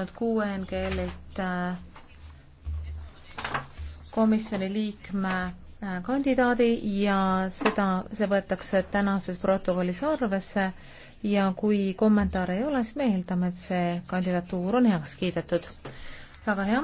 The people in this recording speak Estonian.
saanud QNGL-ilt äh, komisjoni liikme äh, kandidaadi ja seda, see võetakse tänases protokollis arvesse ja kui kommentaare ei ole, siis me eeldame, et see kandidatuur on heaks kiidetud. väga hea.